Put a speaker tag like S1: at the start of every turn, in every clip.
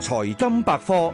S1: 財金百科，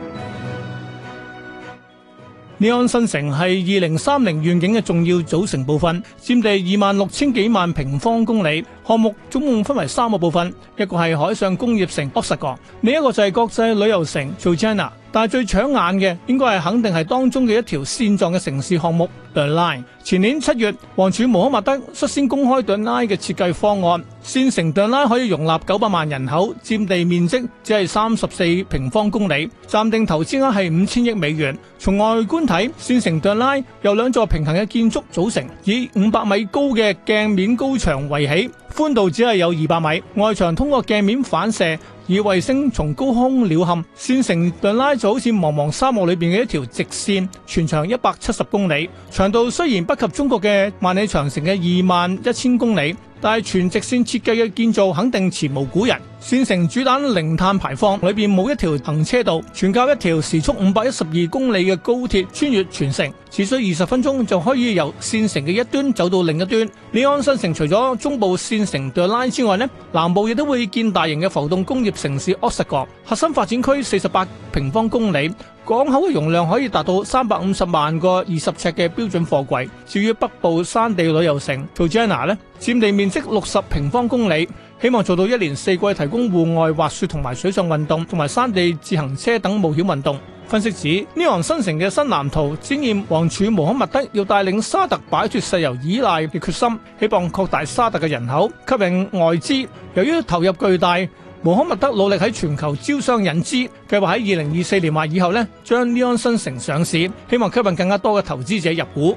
S1: 利安新城係二零三零願景嘅重要組成部分，佔地二萬六千幾萬平方公里。項目總共分為三個部分，一個係海上工業城，Octagon；另一個就係國際旅遊城，Cotina。但係最搶眼嘅，應該係肯定係當中嘅一條線狀嘅城市項目 The Line。前年七月，王儲穆罕默德率先公開 The Line 嘅設計方案。線城 The Line 可以容納九百萬人口，佔地面積只係三十四平方公里，暫定投資額係五千億美元。從外觀睇，線城 The Line 由兩座平行嘅建築組成，以五百米高嘅鏡面高牆圍起，寬度只係有二百米，外牆通過鏡面反射。以衛星從高空鳥瞰，線城頓拉就好似茫茫沙漠裏邊嘅一條直線，全長一百七十公里。長度雖然不及中國嘅萬里長城嘅二萬一千公里，但係全直線設計嘅建造肯定前無古人。綫城主打零碳排放，裏邊冇一條行車道，全靠一條時速五百一十二公里嘅高鐵穿越全城，只需二十分鐘就可以由綫城嘅一端走到另一端。利安新城除咗中部綫城對拉之外，呢南部亦都會建大型嘅浮動工業城市 o 奧斯角，核心發展區四十八平方公里，港口嘅容量可以達到三百五十萬個二十尺嘅標準貨櫃。至於北部山地旅遊城圖吉納呢，占地面積六十平方公里。希望做到一年四季提供戶外滑雪同埋水上運動同埋山地自行車等冒險運動。分析指尼安新城嘅新藍圖展現王儲穆罕默德要帶領沙特擺脫石油依賴嘅決心，希望擴大沙特嘅人口吸引外資。由於投入巨大，穆罕默德努力喺全球招商引資，計劃喺二零二四年或以後咧將呢安新城上市，希望吸引更加多嘅投資者入股。